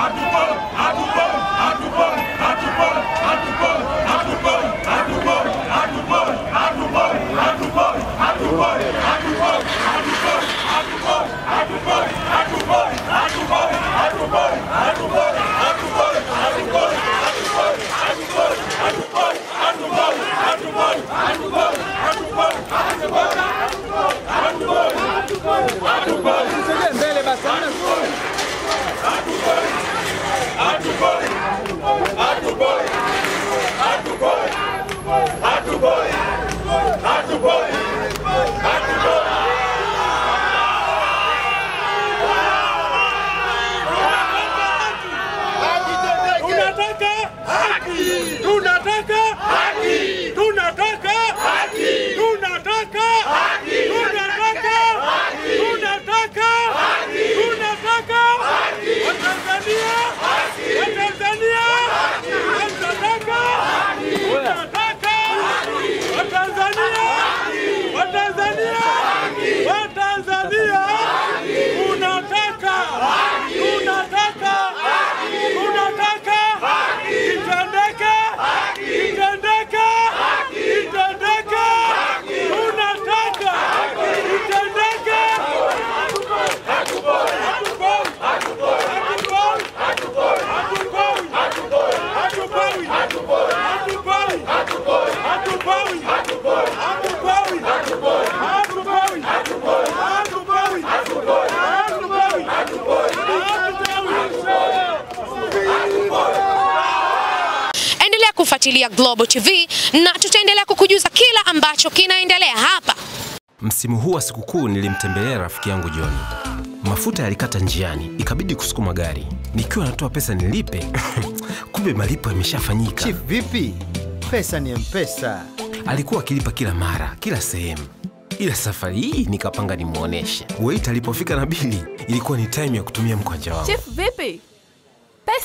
Adupal, Adupal. kufuatilia Global TV na tutaendelea kukujuza kila ambacho kinaendelea hapa. Msimu huu wa sikukuu nilimtembelea rafiki yangu John. Mafuta yalikata njiani, ikabidi kusukuma gari. Nikiwa natoa pesa nilipe, kumbe malipo yameshafanyika. Chief, vipi? Pesa ni mpesa. Alikuwa akilipa kila mara, kila sehemu ila safari hii nikapanga nimuoneshe. Wait alipofika na bili, ilikuwa ni time ya kutumia mkwanja wangu. Chief, vipi?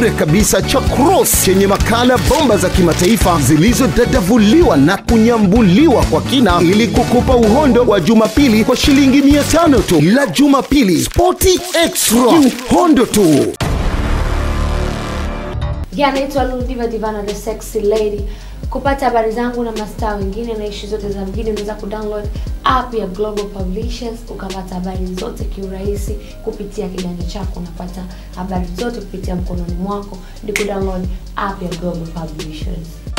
bure kabisa cha Cross chenye makala bomba za kimataifa zilizodadavuliwa na kunyambuliwa kwa kina ili kukupa uhondo wa Jumapili kwa shilingi mia tano tu. La Jumapili spoti Extra, uhondo tu. Yeah, Divana the Sexy Lady. Kupata habari zangu na mastaa wengine na ishi zote za mjini, unaweza kudownload app ya Global Publishers ukapata habari zote kiurahisi kupitia kiganja chako. Unapata habari zote kupitia mkononi mwako, ni kudownload app ya Global Publishers.